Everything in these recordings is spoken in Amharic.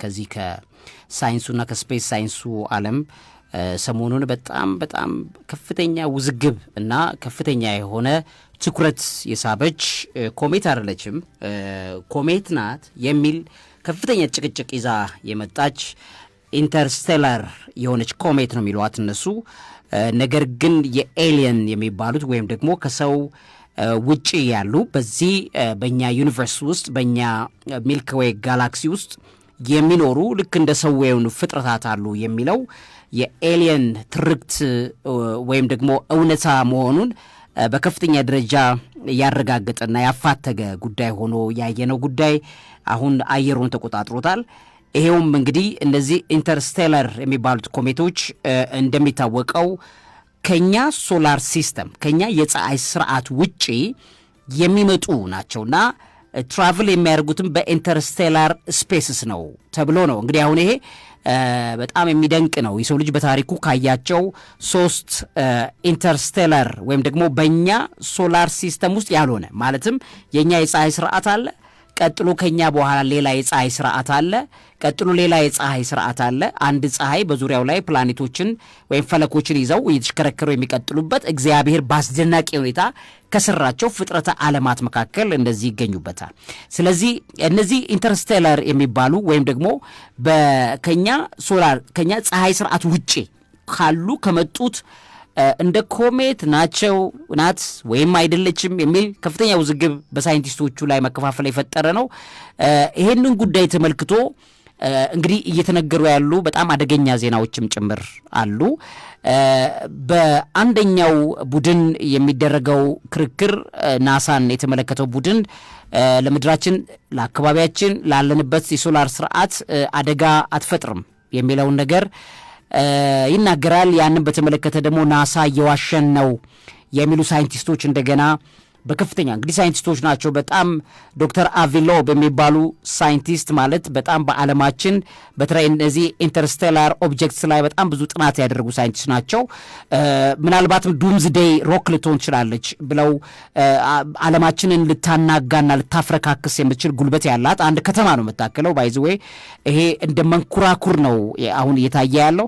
ከዚህ ከሳይንሱና ከስፔስ ሳይንሱ ዓለም ሰሞኑን በጣም በጣም ከፍተኛ ውዝግብ እና ከፍተኛ የሆነ ትኩረት የሳበች ኮሜት አይደለችም፣ ኮሜት ናት የሚል ከፍተኛ ጭቅጭቅ ይዛ የመጣች ኢንተርስቴላር የሆነች ኮሜት ነው የሚለዋት እነሱ። ነገር ግን የኤሊየን የሚባሉት ወይም ደግሞ ከሰው ውጪ ያሉ በዚህ በእኛ ዩኒቨርስ ውስጥ በእኛ ሚልክዌይ ጋላክሲ ውስጥ የሚኖሩ ልክ እንደ የሆኑ ፍጥረታት አሉ የሚለው የኤሊየን ትርክት ወይም ደግሞ እውነታ መሆኑን በከፍተኛ ደረጃ ያረጋገጠና ያፋተገ ጉዳይ ሆኖ ያየነው ጉዳይ አሁን አየሩን ተቆጣጥሮታል። ይሄውም እንግዲህ እነዚህ ኢንተርስቴለር የሚባሉት ኮሜቶች እንደሚታወቀው ከኛ ሶላር ሲስተም ከኛ የፀሐይ ስርዓት ውጪ የሚመጡ ናቸውና ትራቭል የሚያደርጉትም በኢንተርስቴላር ስፔስስ ነው ተብሎ ነው። እንግዲህ አሁን ይሄ በጣም የሚደንቅ ነው። የሰው ልጅ በታሪኩ ካያቸው ሶስት ኢንተርስቴላር ወይም ደግሞ በእኛ ሶላር ሲስተም ውስጥ ያልሆነ ማለትም የእኛ የፀሐይ ስርዓት አለ ቀጥሎ ከኛ በኋላ ሌላ የፀሐይ ስርዓት አለ። ቀጥሎ ሌላ የፀሐይ ስርዓት አለ። አንድ ፀሐይ በዙሪያው ላይ ፕላኔቶችን ወይም ፈለኮችን ይዘው እየተሽከረከሩ የሚቀጥሉበት እግዚአብሔር በአስደናቂ ሁኔታ ከሰራቸው ፍጥረተ ዓለማት መካከል እንደዚህ ይገኙበታል። ስለዚህ እነዚህ ኢንተርስቴለር የሚባሉ ወይም ደግሞ ከኛ ሶላር ከኛ ፀሐይ ስርዓት ውጪ ካሉ ከመጡት እንደ ኮሜት ናቸው ናት ወይም አይደለችም የሚል ከፍተኛ ውዝግብ በሳይንቲስቶቹ ላይ መከፋፈል የፈጠረ ነው። ይሄንን ጉዳይ ተመልክቶ እንግዲህ እየተነገሩ ያሉ በጣም አደገኛ ዜናዎችም ጭምር አሉ። በአንደኛው ቡድን የሚደረገው ክርክር ናሳን የተመለከተው ቡድን ለምድራችን፣ ለአካባቢያችን፣ ላለንበት የሶላር ስርዓት አደጋ አትፈጥርም የሚለውን ነገር ይናገራል። ያንን በተመለከተ ደግሞ ናሳ እየዋሸን ነው የሚሉ ሳይንቲስቶች እንደገና በከፍተኛ እንግዲህ ሳይንቲስቶች ናቸው። በጣም ዶክተር አቪሎ በሚባሉ ሳይንቲስት ማለት በጣም በዓለማችን በተለይ እነዚህ ኢንተርስቴላር ኦብጀክትስ ላይ በጣም ብዙ ጥናት ያደረጉ ሳይንቲስት ናቸው። ምናልባትም ዱምዝ ዴይ ሮክ ልትሆን ትችላለች ብለው ዓለማችንን ልታናጋና ልታፍረካክስ የምትችል ጉልበት ያላት አንድ ከተማ ነው የምታክለው። ባይዘዌ ይሄ እንደ መንኮራኩር ነው አሁን እየታየ ያለው።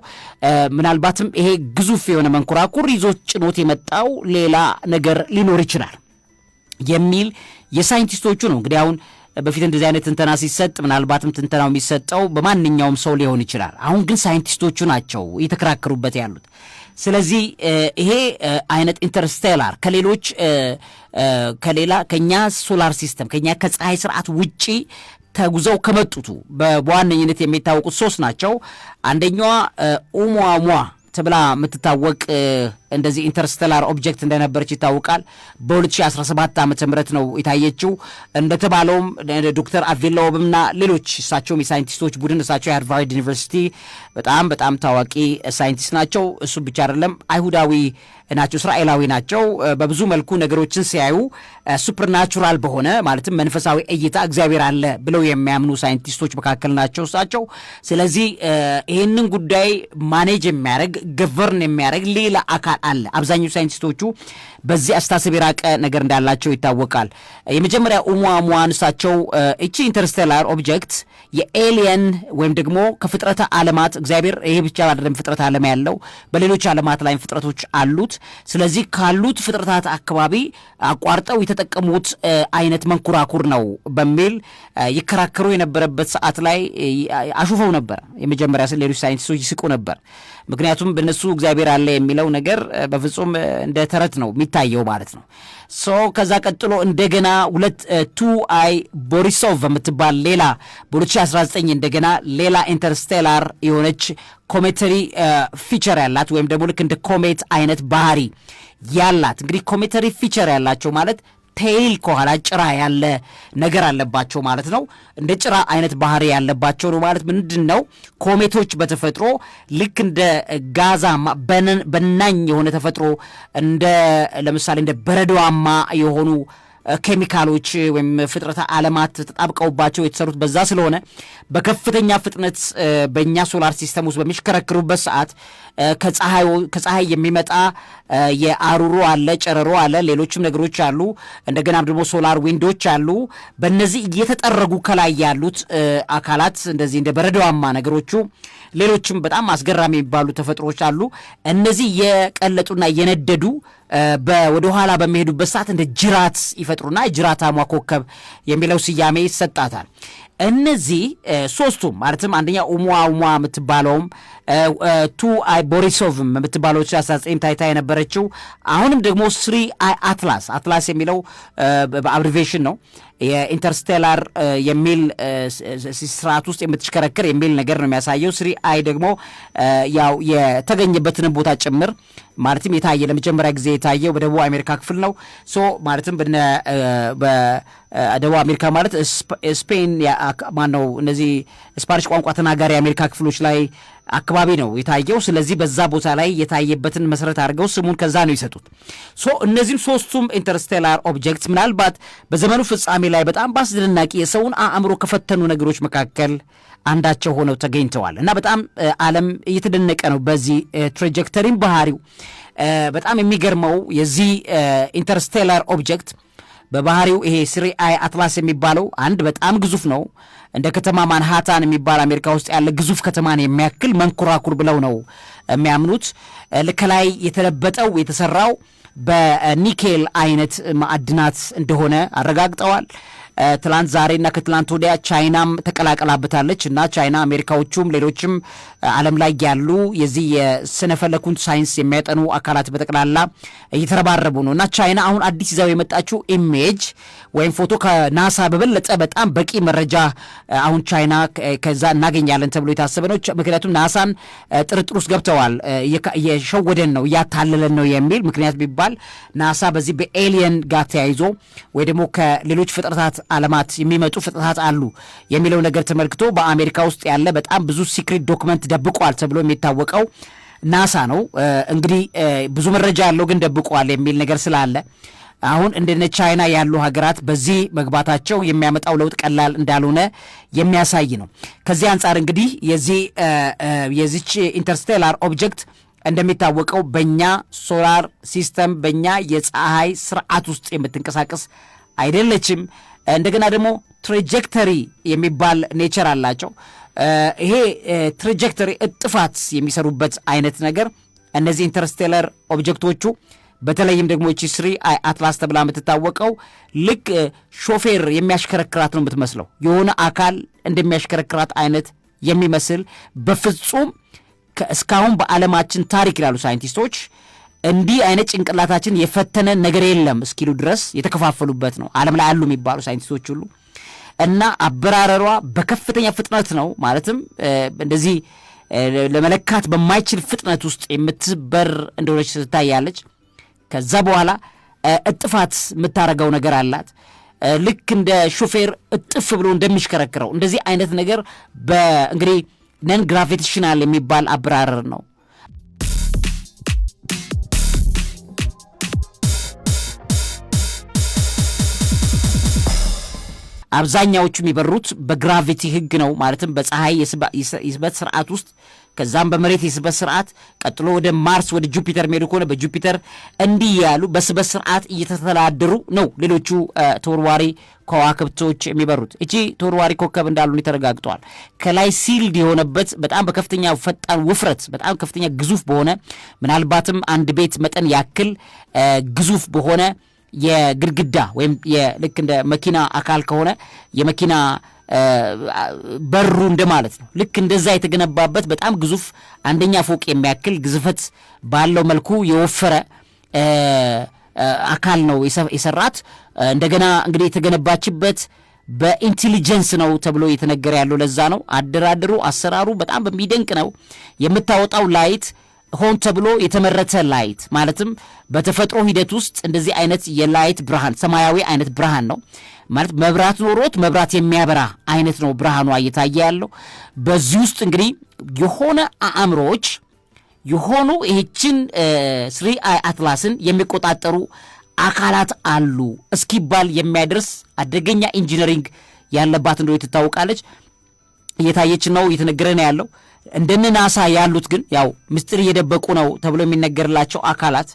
ምናልባትም ይሄ ግዙፍ የሆነ መንኮራኩር ይዞ ጭኖት የመጣው ሌላ ነገር ሊኖር ይችላል። የሚል የሳይንቲስቶቹ ነው። እንግዲህ አሁን በፊት እንደዚህ አይነት ትንተና ሲሰጥ ምናልባትም ትንተናው የሚሰጠው በማንኛውም ሰው ሊሆን ይችላል። አሁን ግን ሳይንቲስቶቹ ናቸው እየተከራከሩበት ያሉት። ስለዚህ ይሄ አይነት ኢንተርስቴላር ከሌሎች ከሌላ ከኛ ሶላር ሲስተም ከኛ ከፀሐይ ስርዓት ውጪ ተጉዘው ከመጡቱ በዋነኝነት የሚታወቁት ሶስት ናቸው። አንደኛዋ ኡሟሟ ተብላ የምትታወቅ እንደዚህ ኢንተርስተላር ኦብጀክት እንደነበረች ይታወቃል። በ2017 ዓ ም ነው የታየችው። እንደተባለውም ዶክተር አቬሎብና ሌሎች እሳቸውም የሳይንቲስቶች ቡድን እሳቸው የሃርቫርድ ዩኒቨርሲቲ በጣም በጣም ታዋቂ ሳይንቲስት ናቸው። እሱ ብቻ አይደለም አይሁዳዊ ናቸው፣ እስራኤላዊ ናቸው። በብዙ መልኩ ነገሮችን ሲያዩ ሱፐርናቹራል በሆነ ማለትም መንፈሳዊ እይታ እግዚአብሔር አለ ብለው የሚያምኑ ሳይንቲስቶች መካከል ናቸው እሳቸው። ስለዚህ ይህንን ጉዳይ ማኔጅ የሚያደርግ ገቨርን የሚያደርግ ሌላ አካል አለ። አብዛኛው ሳይንቲስቶቹ በዚህ አስተሳሰብ የራቀ ነገር እንዳላቸው ይታወቃል። የመጀመሪያ ኡሙሙዋን አንሳቸው እቺ ኢንተርስቴላር ኦብጀክት የኤሊየን ወይም ደግሞ ከፍጥረተ ዓለማት እግዚአብሔር ይሄ ብቻ አይደለም ፍጥረት ዓለም ያለው በሌሎች ዓለማት ላይም ፍጥረቶች አሉት። ስለዚህ ካሉት ፍጥረታት አካባቢ አቋርጠው የተጠቀሙት አይነት መንኮራኩር ነው በሚል ይከራከሩ የነበረበት ሰዓት ላይ አሹፈው ነበር። የመጀመሪያ ሌሎች ሳይንቲስቶች ይስቁ ነበር። ምክንያቱም በነሱ እግዚአብሔር አለ የሚለው ነገር በፍጹም እንደ ተረት ነው የሚታየው ማለት ነው። ሶ ከዛ ቀጥሎ እንደገና ሁለት ቱ አይ ቦሪሶቭ የምትባል ሌላ በ2019 እንደገና ሌላ ኢንተርስቴላር የሆነች ኮሜተሪ ፊቸር ያላት ወይም ደግሞ ልክ እንደ ኮሜት አይነት ባህሪ ያላት እንግዲህ ኮሜተሪ ፊቸር ያላቸው ማለት ቴይል ከኋላ ጭራ ያለ ነገር አለባቸው ማለት ነው። እንደ ጭራ አይነት ባህሪ ያለባቸው ነው ማለት ምንድን ነው? ኮሜቶች በተፈጥሮ ልክ እንደ ጋዛ በናኝ የሆነ ተፈጥሮ እንደ ለምሳሌ እንደ በረዶማ የሆኑ ኬሚካሎች ወይም ፍጥረተ ዓለማት ተጣብቀውባቸው የተሰሩት በዛ ስለሆነ በከፍተኛ ፍጥነት በእኛ ሶላር ሲስተም ውስጥ በሚሽከረክሩበት ሰዓት ከፀሐይ የሚመጣ የአሩሮ አለ፣ ጨረሮ አለ፣ ሌሎችም ነገሮች አሉ። እንደገናም ደግሞ ሶላር ዊንዶች አሉ። በእነዚህ እየተጠረጉ ከላይ ያሉት አካላት እንደዚህ እንደ በረዶዋማ ነገሮቹ፣ ሌሎችም በጣም አስገራሚ የሚባሉ ተፈጥሮዎች አሉ። እነዚህ እየቀለጡና እየነደዱ ወደኋላ በሚሄዱበት ሰዓት እንደ ጅራት ይፈጥሩና ጅራታሟ ኮከብ የሚለው ስያሜ ይሰጣታል። እነዚህ ሶስቱም ማለትም አንደኛ ኡሙዋ ኡሙዋ የምትባለውም ቱ አይ ቦሪሶቭ የምትባለው 19 ታይታ የነበረችው አሁንም ደግሞ ስሪ አይ አትላስ አትላስ የሚለው በአብሪቬሽን ነው የኢንተርስቴላር የሚል ስርዓት ውስጥ የምትሽከረክር የሚል ነገር ነው የሚያሳየው። ስሪ አይ ደግሞ ያው የተገኘበትንም ቦታ ጭምር ማለትም የታየ ለመጀመሪያ ጊዜ የታየው በደቡብ አሜሪካ ክፍል ነው። ሶ ማለትም በደቡብ አሜሪካ ማለት ስፔን ማነው እነዚህ ስፓኒሽ ቋንቋ ተናጋሪ የአሜሪካ ክፍሎች ላይ አካባቢ ነው የታየው። ስለዚህ በዛ ቦታ ላይ የታየበትን መሰረት አድርገው ስሙን ከዛ ነው የሰጡት። ሶ እነዚህም ሶስቱም ኢንተርስቴላር ኦብጀክት ምናልባት በዘመኑ ፍጻሜ ላይ በጣም በአስደናቂ የሰውን አእምሮ ከፈተኑ ነገሮች መካከል አንዳቸው ሆነው ተገኝተዋል እና በጣም ዓለም እየተደነቀ ነው በዚህ ትራጀክተሪም ባህሪው በጣም የሚገርመው የዚህ ኢንተርስቴላር ኦብጀክት በባህሪው ይሄ ስሪ አይ አትላስ የሚባለው አንድ በጣም ግዙፍ ነው። እንደ ከተማ ማንሃታን የሚባል አሜሪካ ውስጥ ያለ ግዙፍ ከተማን የሚያክል መንኮራኩር ብለው ነው የሚያምኑት። ከላይ የተለበጠው የተሰራው በኒኬል አይነት ማዕድናት እንደሆነ አረጋግጠዋል። ትላንት ዛሬና ከትላንት ወዲያ ቻይናም ተቀላቀላበታለች እና ቻይና አሜሪካዎቹም ሌሎችም ዓለም ላይ ያሉ የዚህ የስነፈለኩን ሳይንስ የሚያጠኑ አካላት በጠቅላላ እየተረባረቡ ነው እና ቻይና አሁን አዲስ ይዛው የመጣችው ኢሜጅ ወይም ፎቶ ከናሳ በበለጠ በጣም በቂ መረጃ አሁን ቻይና ከዛ እናገኛለን ተብሎ የታሰበ ነው። ምክንያቱም ናሳን ጥርጥር ውስጥ ገብተዋል። እየሸወደን ነው፣ እያታለለን ነው የሚል ምክንያት ቢባል ናሳ በዚህ በኤሊየን ጋር ተያይዞ ወይ ደግሞ ከሌሎች ፍጥረታት ዓለማት የሚመጡ ፍጥረታት አሉ የሚለው ነገር ተመልክቶ በአሜሪካ ውስጥ ያለ በጣም ብዙ ሲክሪት ዶክመንት ደብቋል ተብሎ የሚታወቀው ናሳ ነው። እንግዲህ ብዙ መረጃ ያለው ግን ደብቋል የሚል ነገር ስላለ አሁን እንደነ ቻይና ያሉ ሀገራት በዚህ መግባታቸው የሚያመጣው ለውጥ ቀላል እንዳልሆነ የሚያሳይ ነው። ከዚህ አንጻር እንግዲህ የዚች ኢንተርስቴላር ኦብጀክት እንደሚታወቀው በእኛ ሶላር ሲስተም በእኛ የፀሐይ ስርዓት ውስጥ የምትንቀሳቀስ አይደለችም። እንደገና ደግሞ ትሬጀክተሪ የሚባል ኔቸር አላቸው። ይሄ ትሬጀክተሪ እጥፋት የሚሰሩበት አይነት ነገር እነዚህ ኢንተርስቴለር ኦብጀክቶቹ በተለይም ደግሞ እቺ ስሪ አይ አትላስ ተብላ የምትታወቀው ልክ ሾፌር የሚያሽከረክራት ነው የምትመስለው። የሆነ አካል እንደሚያሽከረክራት አይነት የሚመስል በፍጹም እስካሁን በዓለማችን ታሪክ ይላሉ ሳይንቲስቶች እንዲህ አይነት ጭንቅላታችን የፈተነ ነገር የለም እስኪሉ ድረስ የተከፋፈሉበት ነው ዓለም ላይ አሉ የሚባሉ ሳይንቲስቶች ሁሉ እና አበራረሯ በከፍተኛ ፍጥነት ነው። ማለትም እንደዚህ ለመለካት በማይችል ፍጥነት ውስጥ የምትበር እንደሆነች ትታያለች። ከዛ በኋላ እጥፋት የምታደርገው ነገር አላት። ልክ እንደ ሾፌር እጥፍ ብሎ እንደሚሽከረክረው እንደዚህ አይነት ነገር በእንግዲህ ነን ግራቪቴሽናል የሚባል አበራረር ነው። አብዛኛዎቹ የሚበሩት በግራቪቲ ህግ ነው። ማለትም በፀሐይ የስበት ስርዓት ውስጥ ከዛም በመሬት የስበት ስርዓት ቀጥሎ ወደ ማርስ ወደ ጁፒተር የሚሄዱ ከሆነ በጁፒተር እንዲህ ያሉ በስበት ስርዓት እየተተዳደሩ ነው ሌሎቹ ተወርዋሪ ከዋክብቶች የሚበሩት። እቺ ተወርዋሪ ኮከብ እንዳሉ ተረጋግጠዋል ከላይ ሲልድ የሆነበት በጣም በከፍተኛ ፈጣን ውፍረት፣ በጣም ከፍተኛ ግዙፍ በሆነ ምናልባትም አንድ ቤት መጠን ያክል ግዙፍ በሆነ የግድግዳ ወይም ልክ እንደ መኪና አካል ከሆነ የመኪና በሩ እንደማለት ነው። ልክ እንደዛ የተገነባበት በጣም ግዙፍ አንደኛ ፎቅ የሚያክል ግዝፈት ባለው መልኩ የወፈረ አካል ነው የሰራት። እንደገና እንግዲህ የተገነባችበት በኢንቴሊጀንስ ነው ተብሎ የተነገረ ያለው ለዛ ነው። አደራደሩ አሰራሩ በጣም በሚደንቅ ነው። የምታወጣው ላይት ሆን ተብሎ የተመረተ ላይት ማለትም በተፈጥሮ ሂደት ውስጥ እንደዚህ አይነት የላይት ብርሃን ሰማያዊ አይነት ብርሃን ነው ማለት መብራት ኖሮት መብራት የሚያበራ አይነት ነው ብርሃኗ እየታየ ያለው። በዚህ ውስጥ እንግዲህ የሆነ አእምሮዎች የሆኑ ይህችን ስሪ አይ አትላስን የሚቆጣጠሩ አካላት አሉ እስኪባል የሚያደርስ አደገኛ ኢንጂነሪንግ ያለባት እንደ ትታወቃለች። እየታየች ነው እየተነገረ ነው ያለው። እንደነ ናሳ ያሉት ግን ያው ምስጢር እየደበቁ ነው ተብሎ የሚነገርላቸው አካላት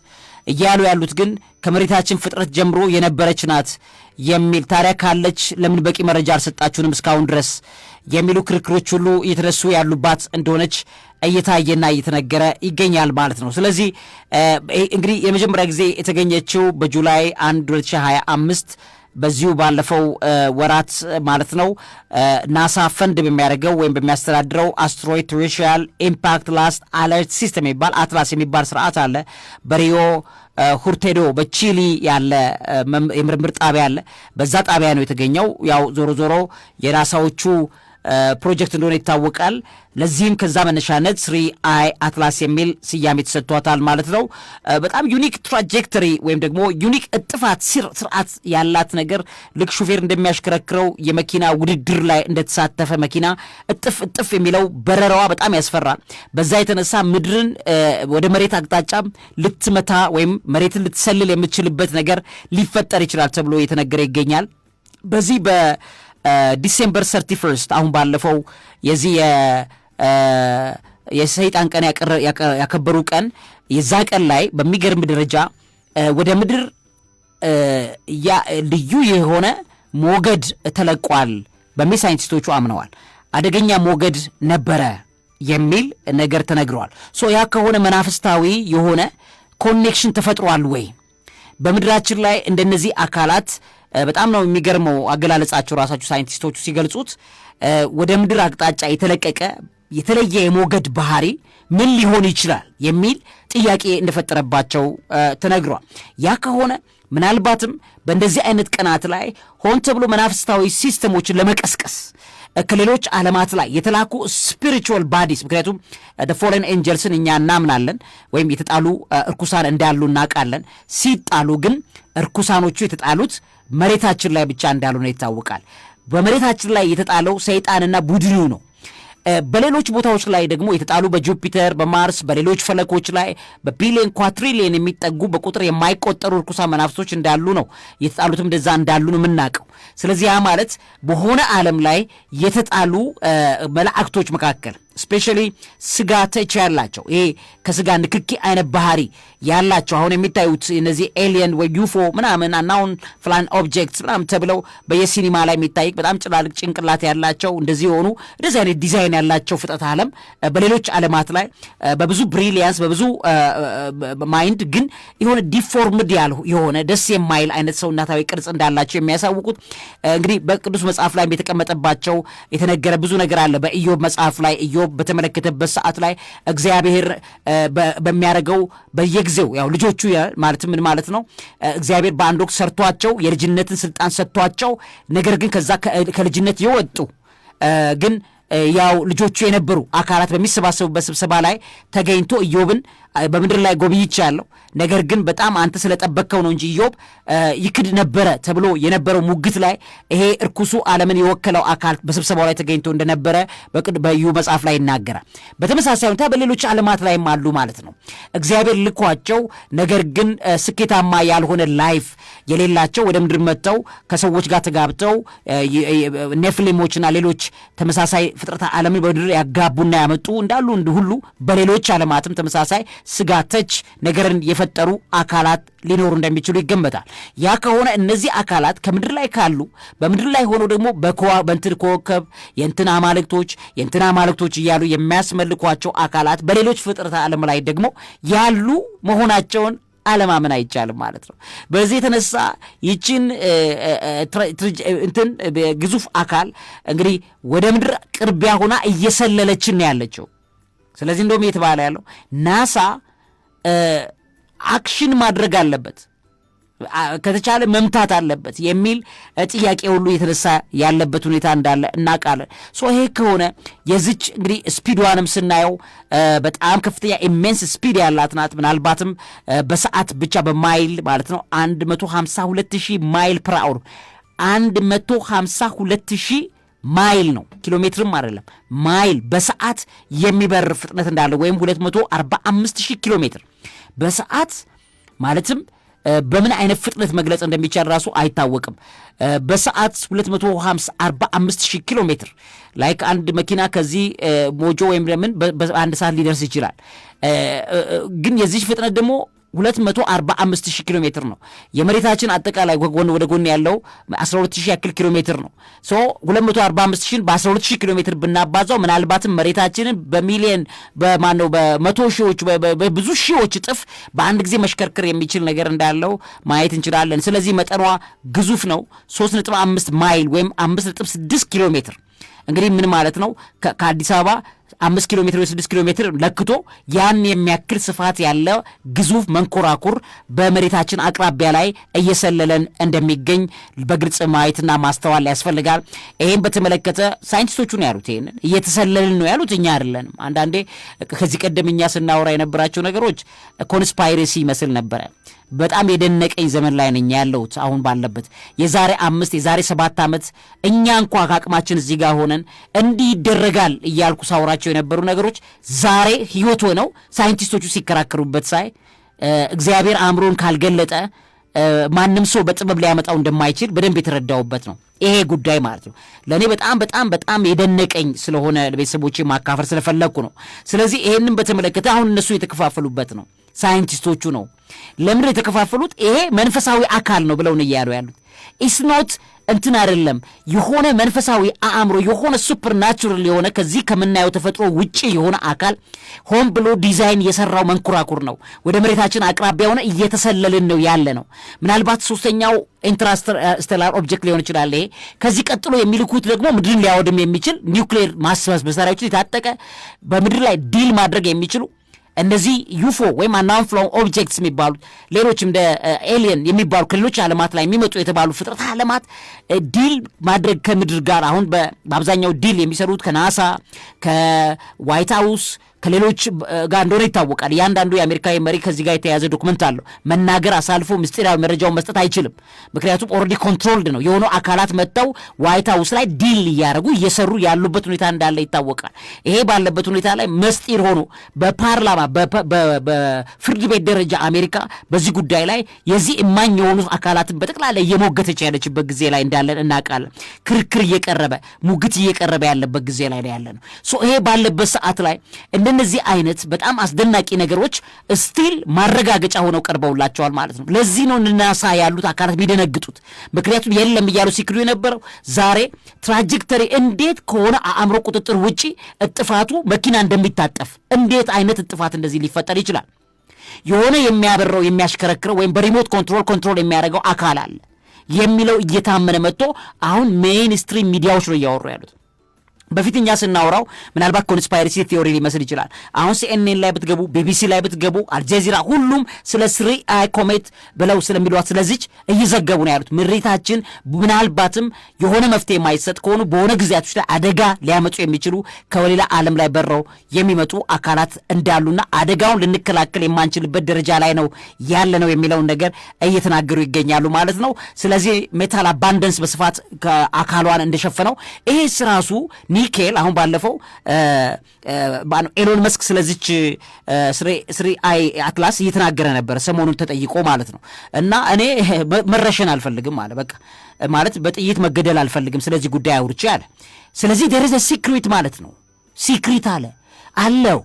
እያሉ ያሉት ግን ከመሬታችን ፍጥረት ጀምሮ የነበረች ናት የሚል ታሪያ ካለች ለምን በቂ መረጃ አልሰጣችሁንም እስካሁን ድረስ የሚሉ ክርክሮች ሁሉ እየተነሱ ያሉባት እንደሆነች እየታየና እየተነገረ ይገኛል ማለት ነው። ስለዚህ እንግዲህ የመጀመሪያ ጊዜ የተገኘችው በጁላይ 1 2025 በዚሁ ባለፈው ወራት ማለት ነው ናሳ ፈንድ በሚያደርገው ወይም በሚያስተዳድረው አስትሮይድ ቴሬስትሪያል ኢምፓክት ላስት አለርት ሲስተም የሚባል አትላስ የሚባል ስርዓት አለ። በሪዮ ሁርቴዶ በቺሊ ያለ የምርምር ጣቢያ አለ። በዛ ጣቢያ ነው የተገኘው። ያው ዞሮ ዞሮ የናሳዎቹ ፕሮጀክት እንደሆነ ይታወቃል። ለዚህም ከዛ መነሻነት ስሪ አይ አትላስ የሚል ስያሜ ተሰጥቷታል ማለት ነው። በጣም ዩኒክ ትራጀክተሪ ወይም ደግሞ ዩኒክ እጥፋት ስርዓት ያላት ነገር ልክ ሹፌር እንደሚያሽከረክረው የመኪና ውድድር ላይ እንደተሳተፈ መኪና እጥፍ እጥፍ የሚለው በረራዋ በጣም ያስፈራል። በዛ የተነሳ ምድርን ወደ መሬት አቅጣጫ ልትመታ ወይም መሬትን ልትሰልል የምትችልበት ነገር ሊፈጠር ይችላል ተብሎ እየተነገረ ይገኛል በዚህ በ ዲሴምበር 31 አሁን ባለፈው የዚህ የሰይጣን ቀን ያከበሩ ቀን የዛ ቀን ላይ በሚገርም ደረጃ ወደ ምድር ልዩ የሆነ ሞገድ ተለቋል በሚል ሳይንቲስቶቹ አምነዋል። አደገኛ ሞገድ ነበረ የሚል ነገር ተነግረዋል። ሶ ያ ከሆነ መናፍስታዊ የሆነ ኮኔክሽን ተፈጥሯል ወይ በምድራችን ላይ እንደነዚህ አካላት በጣም ነው የሚገርመው አገላለጻቸው። ራሳቸው ሳይንቲስቶቹ ሲገልጹት ወደ ምድር አቅጣጫ የተለቀቀ የተለየ የሞገድ ባህሪ ምን ሊሆን ይችላል የሚል ጥያቄ እንደፈጠረባቸው ተነግሯል። ያ ከሆነ ምናልባትም በእንደዚህ አይነት ቀናት ላይ ሆን ተብሎ መናፍስታዊ ሲስተሞችን ለመቀስቀስ ከሌሎች ዓለማት ላይ የተላኩ ስፒሪቹዋል ባዲስ ምክንያቱም ፎሬን ኤንጀልስን እኛ እናምናለን ወይም የተጣሉ እርኩሳን እንዳሉ እናውቃለን። ሲጣሉ ግን እርኩሳኖቹ የተጣሉት መሬታችን ላይ ብቻ እንዳልሆነ ይታወቃል። በመሬታችን ላይ የተጣለው ሰይጣንና ቡድኑ ነው። በሌሎች ቦታዎች ላይ ደግሞ የተጣሉ በጁፒተር፣ በማርስ፣ በሌሎች ፈለኮች ላይ በቢሊየን ኳትሪሊየን የሚጠጉ በቁጥር የማይቆጠሩ እርኩሳ መናፍስቶች እንዳሉ ነው። የተጣሉትም እንደዛ እንዳሉ ነው የምናውቀው። ስለዚህ ያ ማለት በሆነ ዓለም ላይ የተጣሉ መላእክቶች መካከል ስፔሻሊ ስጋ ተች ያላቸው ይሄ ከስጋ ንክኪ አይነት ባህሪ ያላቸው አሁን የሚታዩት እነዚህ ኤሊየን ወይ ዩፎ ምናምን አናውን ፍላን ኦብጀክት ምናምን ተብለው በየሲኒማ ላይ የሚታይ በጣም ጭላልቅ ጭንቅላት ያላቸው እንደዚህ የሆኑ እንደዚህ አይነት ዲዛይን ያላቸው ፍጥረት አለም በሌሎች አለማት ላይ በብዙ ብሪሊያንስ በብዙ ማይንድ ግን የሆነ ዲፎርምድ ያል የሆነ ደስ የማይል አይነት ሰውናታዊ ቅርጽ እንዳላቸው የሚያሳውቁት እንግዲህ በቅዱስ መጽሐፍ ላይ የተቀመጠባቸው የተነገረ ብዙ ነገር አለ። በኢዮብ መጽሐፍ ላይ ኢዮብ በተመለከተበት ሰዓት ላይ እግዚአብሔር በሚያደርገው በየጊዜው ያው ልጆቹ ማለት ምን ማለት ነው? እግዚአብሔር በአንድ ወቅት ሰርቷቸው የልጅነትን ስልጣን ሰጥቷቸው፣ ነገር ግን ከዛ ከልጅነት የወጡ ግን ያው ልጆቹ የነበሩ አካላት በሚሰባሰቡበት ስብሰባ ላይ ተገኝቶ ኢዮብን በምድር ላይ ጎብኝቻለሁ፣ ነገር ግን በጣም አንተ ስለጠበቅከው ነው እንጂ ኢዮብ ይክድ ነበረ ተብሎ የነበረው ሙግት ላይ ይሄ እርኩሱ ዓለምን የወከለው አካል በስብሰባው ላይ ተገኝቶ እንደነበረ በዩ መጽሐፍ ላይ ይናገራል። በተመሳሳይ ሁኔታ በሌሎች ዓለማት ላይም አሉ ማለት ነው። እግዚአብሔር ልኳቸው፣ ነገር ግን ስኬታማ ያልሆነ ላይፍ የሌላቸው ወደ ምድር መጥተው ከሰዎች ጋር ተጋብተው ኔፍሌሞችና ሌሎች ተመሳሳይ ፍጥረታ ዓለምን በምድር ያጋቡና ያመጡ እንዳሉ ሁሉ በሌሎች ዓለማትም ተመሳሳይ ስጋተች ነገርን የፈጠሩ አካላት ሊኖሩ እንደሚችሉ ይገመታል። ያ ከሆነ እነዚህ አካላት ከምድር ላይ ካሉ በምድር ላይ ሆኖ ደግሞ በከዋ በእንትን ኮከብ የእንትን አማልክቶች የእንትን አማልክቶች እያሉ የሚያስመልኳቸው አካላት በሌሎች ፍጥረት ዓለም ላይ ደግሞ ያሉ መሆናቸውን አለማመን አይቻልም ማለት ነው። በዚህ የተነሳ ይችን እንትን ግዙፍ አካል እንግዲህ ወደ ምድር ቅርቢያ ሆና እየሰለለችን ያለችው ስለዚህ እንደውም የተባለ ያለው ናሳ አክሽን ማድረግ አለበት ከተቻለ መምታት አለበት የሚል ጥያቄ ሁሉ የተነሳ ያለበት ሁኔታ እንዳለ እናውቃለን። ሶ ይሄ ከሆነ የዝች እንግዲህ ስፒድዋንም ስናየው በጣም ከፍተኛ ኢሜንስ ስፒድ ያላት ናት። ምናልባትም በሰዓት ብቻ በማይል ማለት ነው 152 ሺህ ማይል ፕር አውር 152 ሺህ ማይል ነው፣ ኪሎ ሜትርም አይደለም። ማይል በሰዓት የሚበር ፍጥነት እንዳለው ወይም 245 ሺህ ኪሎ ሜትር በሰዓት ማለትም በምን አይነት ፍጥነት መግለጽ እንደሚቻል ራሱ አይታወቅም። በሰዓት 245 ሺህ ኪሎ ሜትር ላይክ አንድ መኪና ከዚህ ሞጆ ወይም ለምን በአንድ ሰዓት ሊደርስ ይችላል። ግን የዚህ ፍጥነት ደግሞ 245000 ኪሎ ሜትር ነው። የመሬታችን አጠቃላይ ጎን ወደ ጎን ያለው 12000 ያክል ኪሎ ሜትር ነው። ሶ 245000 በ12000 ኪሎ ሜትር ብናባዛው ምናልባትም መሬታችንን በሚሊየን በማነው በመቶ ሺዎች በብዙ ሺዎች እጥፍ በአንድ ጊዜ መሽከርከር የሚችል ነገር እንዳለው ማየት እንችላለን። ስለዚህ መጠኗ ግዙፍ ነው። 3.5 ማይል ወይም 5.6 ኪሎ ሜትር እንግዲህ ምን ማለት ነው? ከአዲስ አበባ አምስት ኪሎ ሜትር ወይ ስድስት ኪሎ ሜትር ለክቶ ያን የሚያክል ስፋት ያለ ግዙፍ መንኮራኩር በመሬታችን አቅራቢያ ላይ እየሰለለን እንደሚገኝ በግልጽ ማየትና ማስተዋል ያስፈልጋል። ይህም በተመለከተ ሳይንቲስቶቹ ነው ያሉት። ይህንን እየተሰለልን ነው ያሉት፣ እኛ አይደለንም። አንዳንዴ ከዚህ ቀደም እኛ ስናወራ የነበራቸው ነገሮች ኮንስፓይሬሲ ይመስል ነበረ። በጣም የደነቀኝ ዘመን ላይ ነኝ ያለሁት አሁን ባለበት። የዛሬ አምስት የዛሬ ሰባት ዓመት እኛ እንኳ ከአቅማችን እዚህ ጋር ሆነን እንዲህ ይደረጋል እያልኩ ሳውራቸው የነበሩ ነገሮች ዛሬ ህይወት ሆነው ሳይንቲስቶቹ ሲከራከሩበት ሳይ እግዚአብሔር አእምሮን ካልገለጠ ማንም ሰው በጥበብ ሊያመጣው እንደማይችል በደንብ የተረዳውበት ነው ይሄ ጉዳይ ማለት ነው። ለእኔ በጣም በጣም በጣም የደነቀኝ ስለሆነ ቤተሰቦቼ ማካፈል ስለፈለግኩ ነው። ስለዚህ ይሄንን በተመለከተ አሁን እነሱ የተከፋፈሉበት ነው። ሳይንቲስቶቹ ነው። ለምድር የተከፋፈሉት ይሄ መንፈሳዊ አካል ነው ብለው እያሉ ያሉት። ኢስኖት እንትን አይደለም የሆነ መንፈሳዊ አእምሮ የሆነ ሱፐር ናቹራል የሆነ ከዚህ ከምናየው ተፈጥሮ ውጭ የሆነ አካል ሆን ብሎ ዲዛይን የሰራው መንኩራኩር ነው። ወደ መሬታችን አቅራቢያ ሆነ እየተሰለልን ነው ያለ ነው። ምናልባት ሶስተኛው ኢንትራስተላር ኦብጀክት ሊሆን ይችላል። ይሄ ከዚህ ቀጥሎ የሚልኩት ደግሞ ምድርን ሊያወድም የሚችል ኒውክሌር ማስበስ መሳሪያዎችን የታጠቀ በምድር ላይ ዲል ማድረግ የሚችሉ እነዚህ ዩፎ ወይም አናንፍሎን ኦብጀክትስ የሚባሉት ሌሎች እንደ ኤሊየን የሚባሉ ከሌሎች ዓለማት ላይ የሚመጡ የተባሉ ፍጥረት ዓለማት ዲል ማድረግ ከምድር ጋር አሁን በአብዛኛው ዲል የሚሰሩት ከናሳ ከዋይት ሀውስ ከሌሎች ጋር እንደሆነ ይታወቃል። እያንዳንዱ የአሜሪካ መሪ ከዚህ ጋር የተያያዘ ዶክመንት አለው። መናገር አሳልፎ ምስጢራዊ መረጃውን መስጠት አይችልም። ምክንያቱም ኦልሬዲ ኮንትሮልድ ነው። የሆኑ አካላት መጥተው ዋይት ሀውስ ላይ ዲል እያደረጉ እየሰሩ ያሉበት ሁኔታ እንዳለ ይታወቃል። ይሄ ባለበት ሁኔታ ላይ መስጢር ሆኖ በፓርላማ በፍርድ ቤት ደረጃ አሜሪካ በዚህ ጉዳይ ላይ የዚህ እማኝ የሆኑ አካላትን በጠቅላላ እየሞገተች ያለችበት ጊዜ ላይ እንዳለን እናውቃለን። ክርክር እየቀረበ ሙግት እየቀረበ ያለበት ጊዜ ላይ ያለ ነው። ይሄ ባለበት ሰዓት ላይ እንደነዚህ አይነት በጣም አስደናቂ ነገሮች ስቲል ማረጋገጫ ሆነው ቀርበውላቸዋል ማለት ነው። ለዚህ ነው ናሳ ያሉት አካላት የሚደነግጡት፣ ምክንያቱም የለም እያሉ ሲክሉ የነበረው ዛሬ ትራጀክተሪ እንዴት ከሆነ አእምሮ ቁጥጥር ውጪ እጥፋቱ መኪና እንደሚታጠፍ እንዴት አይነት እጥፋት እንደዚህ ሊፈጠር ይችላል? የሆነ የሚያበረው የሚያሽከረክረው ወይም በሪሞት ኮንትሮል ኮንትሮል የሚያደርገው አካል አለ የሚለው እየታመነ መጥቶ አሁን ሜይንስትሪም ሚዲያዎች ነው እያወሩ ያሉት። በፊት እኛ ስናወራው ምናልባት ኮንስፓይረሲ ቲዮሪ ሊመስል ይችላል። አሁን ሲኤንኤን ላይ ብትገቡ፣ ቢቢሲ ላይ ብትገቡ፣ አልጀዚራ ሁሉም ስለ ስሪ አይ ኮሜት ብለው ስለሚሏት ስለዚች እየዘገቡ ነው ያሉት። ምሬታችን ምናልባትም የሆነ መፍትሄ የማይሰጥ ከሆኑ በሆነ ጊዜያቶች ላይ አደጋ ሊያመጡ የሚችሉ ከሌላ ዓለም ላይ በረው የሚመጡ አካላት እንዳሉና አደጋውን ልንከላከል የማንችልበት ደረጃ ላይ ነው ያለ ነው የሚለውን ነገር እየተናገሩ ይገኛሉ ማለት ነው። ስለዚህ ሜታል አባንደንስ በስፋት አካሏን እንደሸፈነው ይሄ ስራሱ ሚካኤል አሁን ባለፈው ኤሎን መስክ ስለዚች ስሪ አይ አትላስ እየተናገረ ነበረ ሰሞኑን ተጠይቆ ማለት ነው። እና እኔ መረሸን አልፈልግም አለ። በቃ ማለት በጥይት መገደል አልፈልግም ስለዚህ ጉዳይ አውርቼ አለ። ስለዚህ ደረዘ ሲክሪት ማለት ነው ሲክሪት አለ አለው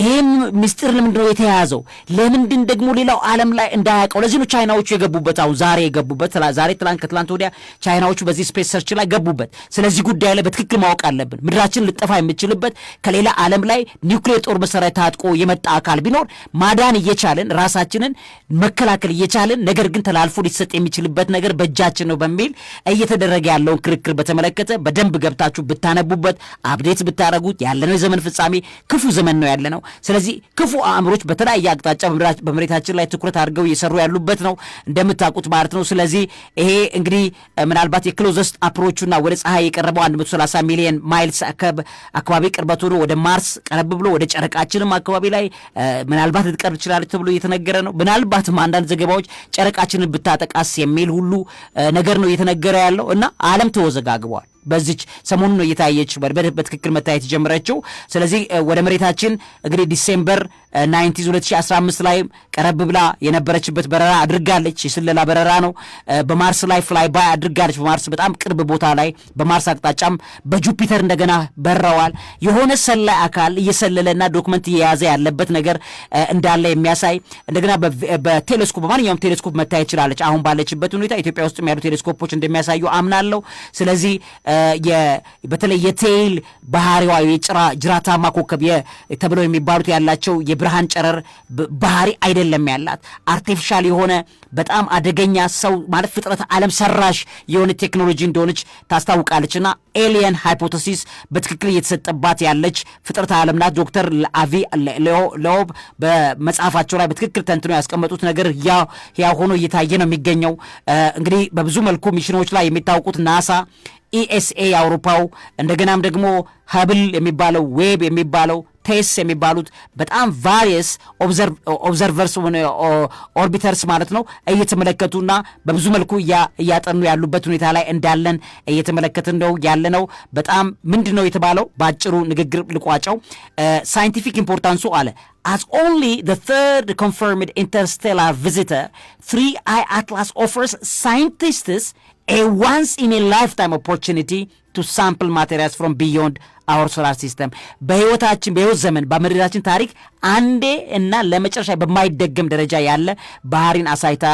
ይህም ምስጢር ለምንድነው የተያያዘው? ለምንድን ደግሞ ሌላው ዓለም ላይ እንዳያውቀው? ለዚህ ነው ቻይናዎቹ የገቡበት። አሁን ዛሬ የገቡበት ዛሬ፣ ትላንት፣ ከትላንት ወዲያ ቻይናዎቹ በዚህ ስፔስ ሰርች ላይ ገቡበት። ስለዚህ ጉዳይ ላይ በትክክል ማወቅ አለብን። ምድራችን ልጠፋ የምችልበት ከሌላ ዓለም ላይ ኒውክሌር ጦር መሳሪያ ታጥቆ የመጣ አካል ቢኖር ማዳን እየቻልን ራሳችንን መከላከል እየቻልን ነገር ግን ተላልፎ ሊሰጥ የሚችልበት ነገር በእጃችን ነው በሚል እየተደረገ ያለውን ክርክር በተመለከተ በደንብ ገብታችሁ ብታነቡበት፣ አብዴት ብታደረጉት ያለነው የዘመን ፍጻሜ ክፉ ዘመን ነው ያለነው ነው። ስለዚህ ክፉ አእምሮች በተለያየ አቅጣጫ በመሬታችን ላይ ትኩረት አድርገው እየሰሩ ያሉበት ነው እንደምታውቁት ማለት ነው። ስለዚህ ይሄ እንግዲህ ምናልባት የክሎዘስት አፕሮቹና ወደ ፀሐይ የቀረበው 130 ሚሊዮን ማይልስ አካባቢ ቅርበቱ ነው። ወደ ማርስ ቀረብ ብሎ ወደ ጨረቃችንም አካባቢ ላይ ምናልባት ልትቀርብ ትችላለች ተብሎ እየተነገረ ነው። ምናልባትም አንዳንድ ዘገባዎች ጨረቃችንን ብታጠቃስ የሚል ሁሉ ነገር ነው እየተነገረ ያለው እና ዓለም ተወዘጋግቧል። በዚች ሰሞኑን ነው እየታየች በትክክል መታየት የጀመረችው። ስለዚህ ወደ መሬታችን እንግዲህ ዲሴምበር ናይንቲዝ 2015 ላይ ቀረብ ብላ የነበረችበት በረራ አድርጋለች። የስለላ በረራ ነው። በማርስ ላይ ፍላይ ባይ አድርጋለች። በማርስ በጣም ቅርብ ቦታ ላይ በማርስ አቅጣጫም በጁፒተር እንደገና በረዋል። የሆነ ሰላይ አካል እየሰለለና ዶክመንት እየያዘ ያለበት ነገር እንዳለ የሚያሳይ እንደገና በቴሌስኮፕ በማንኛውም ቴሌስኮፕ መታየት ይችላለች። አሁን ባለችበት ሁኔታ ኢትዮጵያ ውስጥም ያሉ ቴሌስኮፖች እንደሚያሳዩ አምናለሁ። ስለዚህ በተለይ የቴይል ባህሪዋ የጭራ ጅራታማ ኮከብ ተብለው የሚባሉት ያላቸው የብርሃን ጨረር ባህሪ አይደለም ያላት አርቲፊሻል የሆነ በጣም አደገኛ ሰው ማለት ፍጥረት ዓለም ሰራሽ የሆነ ቴክኖሎጂ እንደሆነች ታስታውቃለችና ኤሊየን ሃይፖቴሲስ በትክክል እየተሰጠባት ያለች ፍጥረት ዓለም ናት። ዶክተር አቪ ሎብ በመጽሐፋቸው ላይ በትክክል ተንትኖ ያስቀመጡት ነገር ያ ሆኖ እየታየ ነው የሚገኘው። እንግዲህ በብዙ መልኩ ሚሽኖች ላይ የሚታወቁት ናሳ ኢኤስኤ e የአውሮፓው እንደገናም ደግሞ ሀብል የሚባለው ዌብ የሚባለው ቴስ የሚባሉት በጣም ቫሪየስ ኦብዘርቨርስ ኦርቢተርስ ማለት ነው እየተመለከቱና በብዙ መልኩ እያጠኑ ያሉበት ሁኔታ ላይ እንዳለን እየተመለከትን ነው ነው። በጣም ምንድን ነው የተባለው? በአጭሩ ንግግር ልቋጨው። ሳይንቲፊክ ኢምፖርታንሱ አለ አስ ኦንሊ the third confirmed interstellar visitor, 3i Atlas offers scientists a once in a ቱ ሳምፕል ማቴሪያልስ ፍሮም ቢዮንድ አወር ሶላር ሲስተም በህይወታችን በህይወት ዘመን በምድራችን ታሪክ አንዴ እና ለመጨረሻ በማይደገም ደረጃ ያለ ባህሪን አሳይታ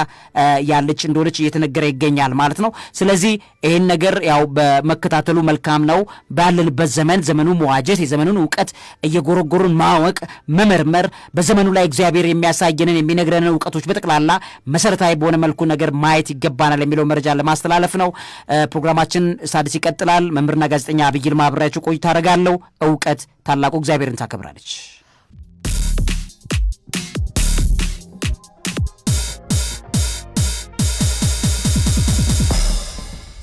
ያለች እንደሆነች እየተነገረ ይገኛል ማለት ነው። ስለዚህ ይህን ነገር ያው በመከታተሉ መልካም ነው። ባለንበት ዘመን ዘመኑ መዋጀት፣ የዘመኑን እውቀት እየጎረጎሩን ማወቅ፣ መመርመር፣ በዘመኑ ላይ እግዚአብሔር የሚያሳየንን የሚነግረንን እውቀቶች በጠቅላላ መሰረታዊ በሆነ መልኩ ነገር ማየት ይገባናል የሚለው መረጃ ለማስተላለፍ ነው። ፕሮግራማችን ሳድስ ይቀጥላል። መምህርና ጋዜጠኛ አብይ ይልማ አብሬያችሁ ቆይታ አደርጋለሁ። እውቀት ታላቁ እግዚአብሔርን ታከብራለች።